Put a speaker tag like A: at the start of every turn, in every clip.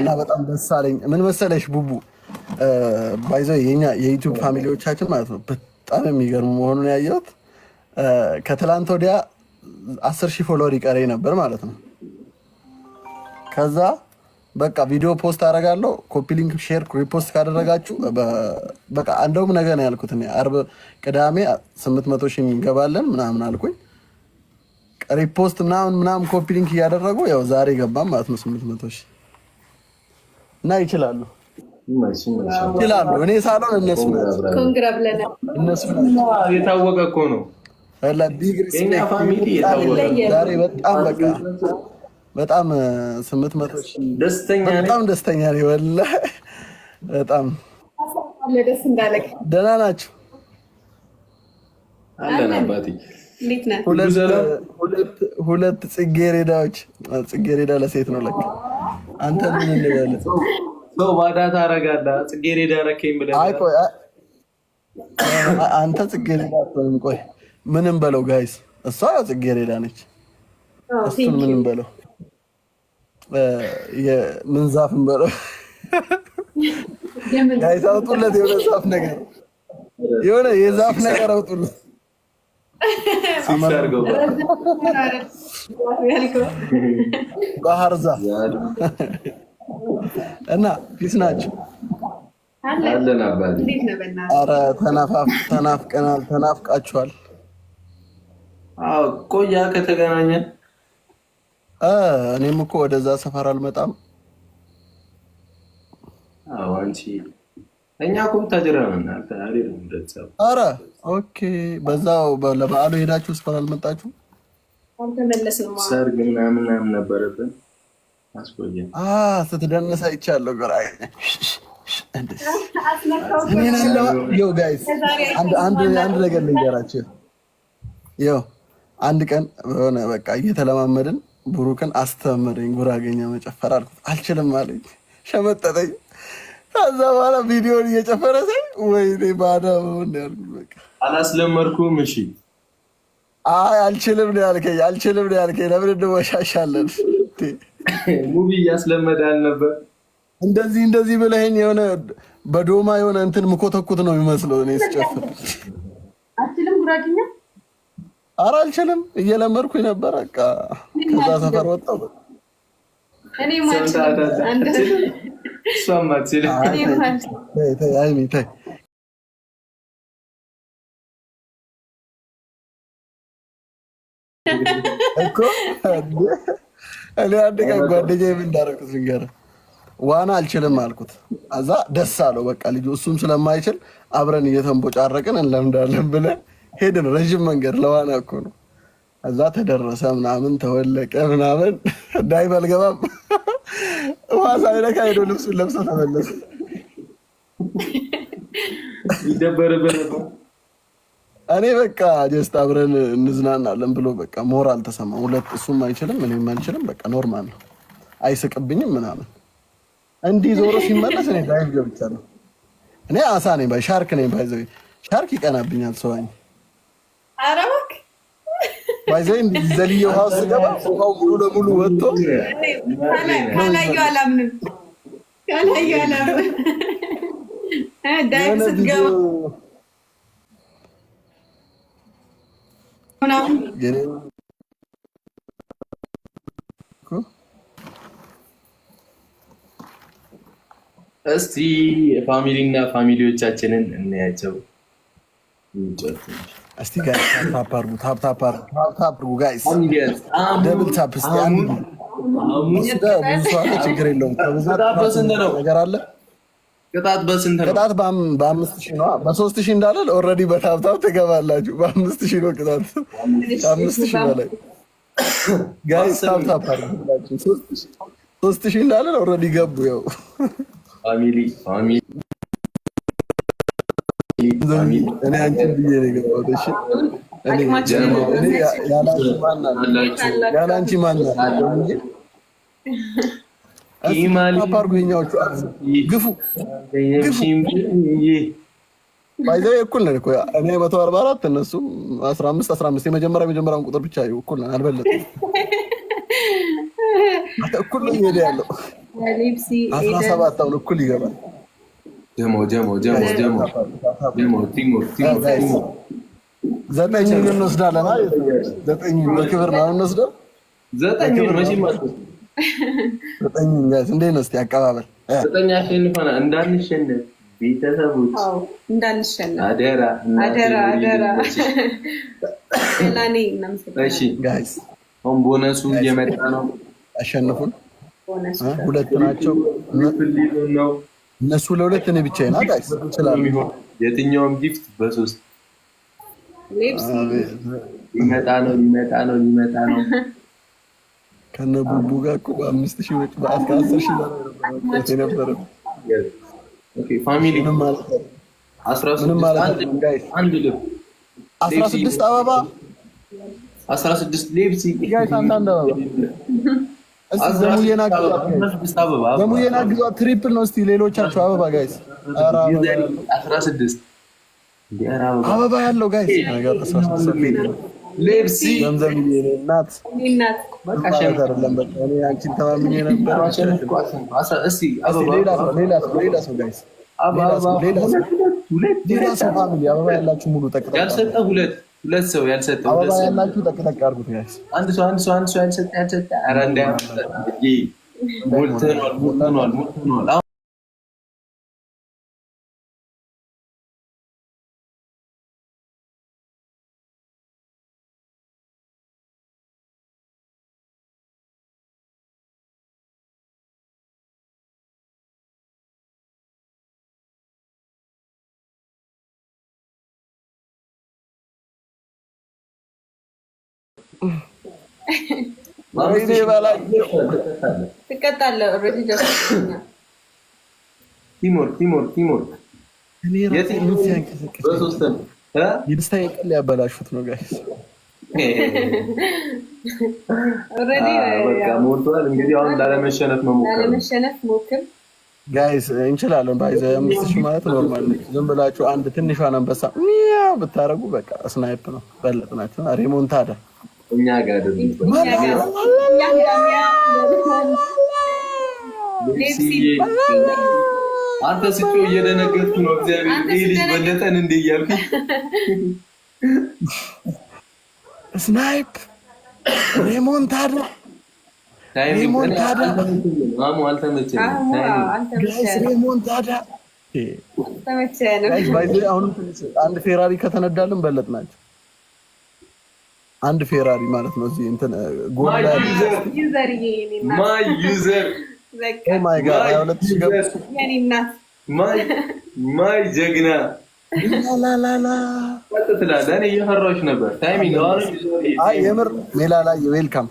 A: እና በጣም ደስ አለኝ። ምን መሰለሽ ቡቡ ባይዘ የኛ የዩቱብ ፋሚሊዎቻችን ማለት ነው በጣም የሚገርሙ መሆኑን ያየሁት ከትላንት ወዲያ አስር ሺህ ፎሎወር ይቀረኝ ነበር ማለት ነው። ከዛ በቃ ቪዲዮ ፖስት አደርጋለሁ ኮፒ ሊንክ ሼር ሪፖስት ካደረጋችሁ በቃ እንደውም ነገ ነው ያልኩት። ቅዳሜ ስምንት መቶ ሺህ እንገባለን ምናምን አልኩኝ። ሪፖስት ምናምን ምናምን ኮፒ ሊንክ እያደረጉ ያው ዛሬ ገባም ማለት ነው ስምንት መቶ ሺ እና ይችላሉ
B: ይችላሉ።
A: እኔ ሳልሆን እነሱ እነሱ
C: የታወቀ እኮ ነው።
A: ዛሬ በጣም በቃ በጣም ስምንት መቶ በጣም ደስተኛ ነኝ። ወላሂ በጣም ደህና ናቸው። አለን ሁለት ጽጌሬዳዎች ጽጌሬዳ ለሴት ነው። ለክ አንተ ምን እንላለ
C: ሰው ባዳ ታደርጋለህ። ጽጌሬዳ ረከኝ ብለህ
A: አንተ ጽጌሬዳ አትሆንም። ቆይ ምንም በለው ጋይስ፣ እሷ ጽጌሬዳ ነች። እሱን ምንም በለው የምንዛፍን በለው ጋይስ፣ አውጡለት የሆነ ዛፍ ነገር የሆነ የዛፍ ነገር አውጡለት ባህር ዛፍ እና ፊት ናቸው። ኧረ ተናፍቀናል፣ ተናፍቃችኋል።
C: ቆያ ከተገናኘን
A: እኔም እኮ ወደዛ ሰፈር አልመጣም።
C: አንቺ እኛ እኮ ብታጀራ ነን።
A: ኧረ ኦኬ። በዛው ለበዓሉ ሄዳችሁ እስካሁን አልመጣችሁ?
C: ሰርግ ምናምን ምናምን ነበረብን። አስቆየን።
A: ስትደንስ አይቻለሁ። ግራ እኔን አለው ጋይስ፣ አንድ ነገር ልንገራችሁ። ያው አንድ ቀን በሆነ በቃ እየተለማመድን ብሩክን አስተምረኝ ጉራገኛ መጨፈር አልኩት። አልችልም አለኝ፣ ሸመጠጠኝ ከዛ በኋላ ቪዲዮን እየጨፈረ ሳይ ወይኔ ባዳ መሆን ያልኩት
C: በቃ አላስለመድኩም። እሺ
A: አይ አልችልም ነው ያልከኝ፣ አልችልም ነው ያልከኝ። ለምን እንወሻሻለን?
C: ሙቪ እያስለመደ አልነበር
A: እንደዚህ እንደዚህ ብለህኝ የሆነ በዶማ የሆነ እንትን ምኮተኩት ነው የሚመስለው። እኔ ስጨፍር
D: አልችልም፣ ጉራግኛ
A: ኧረ አልችልም። እየለመድኩኝ ነበር በቃ ከዛ ሰፈር ወጣሁ።
C: ታይ
A: እኮ እኔ አንድ ቀን ጓደኛ ምን እንዳደረኩት ንገር። ዋና አልችልም አልኩት። እዛ ደስ አለው በቃ ልጁ እሱም ስለማይችል አብረን እየተንቦጫረቅን እንለምዳለን ብለን ሄድን። ረዥም መንገድ ለዋና እኮ ነው። እዛ ተደረሰ ምናምን ተወለቀ ምናምን እንዳይበል ገባም ውሃ ሳይነካ ሄዶ ልብሱን ለብሶ ተመለሰ።
C: ይደበርብህ
A: እኔ በቃ ጀስት አብረን እንዝናናለን ብሎ በቃ ሞራል አልተሰማ። ሁለት እሱም አይችልም እኔም አልችልም። በቃ ኖርማል ነው፣ አይስቅብኝም ምናምን። እንዲህ ዞሮ ሲመለስ እኔ ዳይቭ ነው። እኔ አሳ ነኝ ባይ ሻርክ ነኝ ባይ ሻርክ ይቀናብኛል ሰዋኝ ባይዘይ ዘልየው ሀውስ ገባ ውሃው ሙሉ ለሙሉ ወጥቶ
D: ካላዩ አላምንም ካላዩ አላምንም። ዳይብ ስትገባ
C: እስቲ ፋሚሊና ፋሚሊዎቻችንን እናያቸው።
A: እስቲ ደብል ታፕ ችግር የለውም። ነገር አለ ቅጣት በአምስት ሺህ ነው። በሶስት ሺህ እንዳለን ኦልሬዲ በታብታብ ትገባላችሁ። በአምስት ሺህ ነው ቅጣት ከአምስት ሺህ በላይ ጋይስ፣ ታብታብ ሶስት ሺህ እንዳለን ኦልሬዲ ገቡ ያው እኔ አንቺን ብዬ ነው የገባሁት። እሺ ያለ አንቺ ማን አርጎኛዎቹ ግፉ እኩል ነን እኔ መቶ አርባ አራት እነሱ አስራ አምስት አስራ አምስት የመጀመሪያ የመጀመሪያውን ቁጥር ብቻ እኩል ነን። አልበለጥም እኩል ነው እየሄደ ያለው አስራ ሰባት አሁን እኩል ይገባል።
C: ጀሞ ጀሞ ጀሞ ጀሞ ጀሞ ቲሞ ቲሞ ቲሞ
A: ዘጠኝን እንወስዳለን። ዘጠኝን በክብር ነው እንወስደው።
C: ዘጠኝን መቼም
A: እንዴት ነው እስኪ አቀባበል
C: ዘጠኝ አሸንፈና እንዳንሸነፍ ቤተሰቦች
D: እንዳንሸነፍ አደራ አደራ አደራ።
C: አሁን ቦነሱ እየመጣ ነው።
A: አሸንፉን። ሁለት ናቸው ነው እነሱ ለሁለት እኔ ብቻ ና
C: የትኛውም ጊፍት በሶስት ሊመጣ ነው ሊመጣ ነው ሊመጣ ነው
A: ከነ ቡቡ ጋር እኮ በአምስት ሺህ ወጭ በአስራ አስር ሺህ የነበረ ፋሚሊ አስራ ስድስት አበባ
C: አስራ ስድስት ሌብሲ
A: በሙዬን አግዟ። ትሪፕል ነው። እስቲ ሌሎቻችሁ አበባ ጋይስ፣
C: አበባ ያለው ጋይስ ሌላ
A: ሰው ፋሚሊ አበባ ያላችሁ ሙሉ ጠቅጠቅ
C: ያልሰጠ ሁለት ሁለት ሰው ያልሰጠው ሰው አንድ ሰው አንድ ሰው አንድ ሰው ያልሰጠ ያልሰጠ
A: የደስታ ቀን ያበላሹት ነው ጋይስ።
C: እንግዲህ አሁን ላለመሸነፍ መሞከር
A: ጋይስ እንችላለን። ባይዘ አምስት ሺህ ማለት ኖርማል ነው። ዝም ብላችሁ አንድ ትንሿን አንበሳ ብታረጉ በቃ ስናይፕ ነው። በለጥናችሁ ሬሞንታዳ
C: እኛ ጋር አንተ ስጮ እየደነገጥኩ ነው። እግዚአብሔር ይህ ልጅ በለጠን እንደ እያልኩ
A: ስናይፕ ሬሞንታዳ ሬሞንታዳ ሬሞንታዳ አንድ ፌራሪ ከተነዳልን በለጥ ናቸው። አንድ ፌራሪ ማለት ነው። እዚህ እንትን
C: ማይ ዩዘር ጀግና ነበር።
A: የምር ሜላ ላይ ዌልካም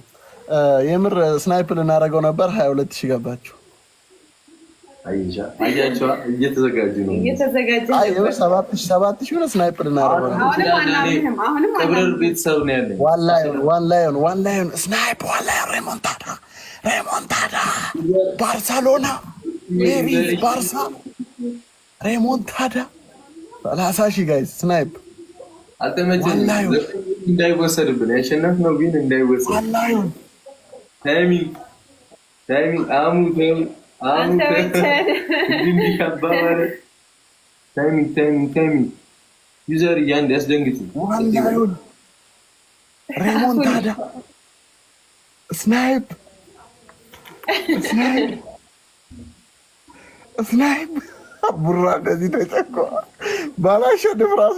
A: የምር ስናይፕ ልናደርገው ነበር። ሀያ ሁለት ሺህ ገባችሁ
C: እየተዘጋጁ ነው። ሰባት ቤተሰብ ነው ያለኝ።
A: ዋን ላዮን ዋን ላዮን ስናይፕ ዋን ላዮን ሬሞንታዳ ሬሞንታዳ
C: እንዳይወሰድብን ያሸነፍነው ግን እንዳይወሰድ ታይሚንግ ታይሚንግ አሙ ዩዘር እያንድ ያስደንግጥ
A: ሬሞንታዳ ስናይፕ ስናይፕ ቡራ እንደዚህ ተጨንቋ ባላሸንፍ ራሱ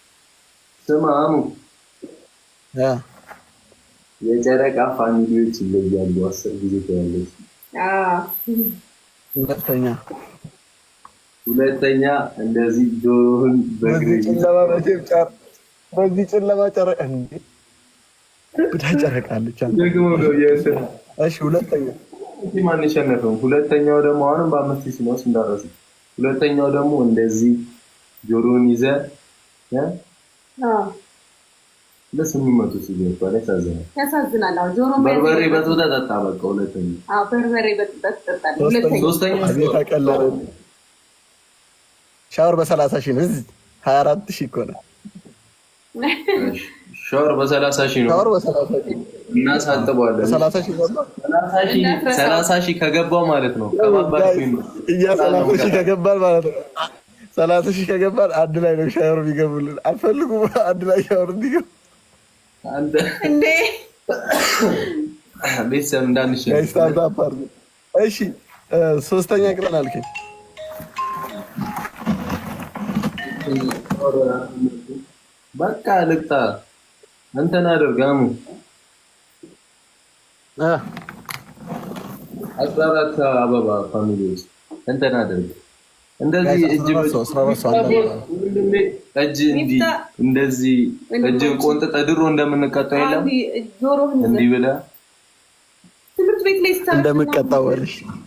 C: ስማሙ የጨረቃ ፋሚሊዎች ይለያሉ። አስር ጊዜ ተያለች። ሁለተኛ ሁለተኛ እንደዚህ ጆሮህን
A: በዚህ ጨለማ ጨረቃ ብዳ ጨረቃለች። ሁለተኛ
C: ማን የሸነፈው? ሁለተኛው ደግሞ አሁንም በአምስት ሺህ ነው እንዳረሱ። ሁለተኛው ደግሞ እንደዚህ ጆሮን ይዘህ ደስ የሚመጡ ያሳዝናል።
D: ያሳዝናል። አዎ ጆሮ
C: በርበሬ ጠጣ። በቃ ሁለተኛ።
A: በርበሬ ሻወር በሰላሳ ሺህ ነው። ሀያ አራት ሺህ እኮ ነው።
C: ሻወር በሰላሳ ሺህ ነው።
A: ሻወር በሰላሳ ሺህ
C: እናሳጥበዋለን። ሰላሳ ሺህ ከገባው ማለት ነው።
A: እያ ሰላሳ ሺህ ከገባል ማለት ነው። ሰላሳ ሺህ ከገባን አንድ ላይ ነው ሻወር የሚገቡልን። አልፈልጉም አንድ ላይ ሻወር እንዲገቡ ቤተሰብ እሺ ሶስተኛ ቅጠል አልከኝ።
C: በቃ ልቅጣ እንትን አድርግ አስራ አራት አበባ ፋሚሊ ውስጥ እንትን አድርግ እንደዚህ እጅ እጅ እንዲህ እንደዚህ እጅ ቆንጥጠ ድሮ እንደምንቀጣው የለም እንዲህ ብለህ
A: ትምህርት ቤት ላይ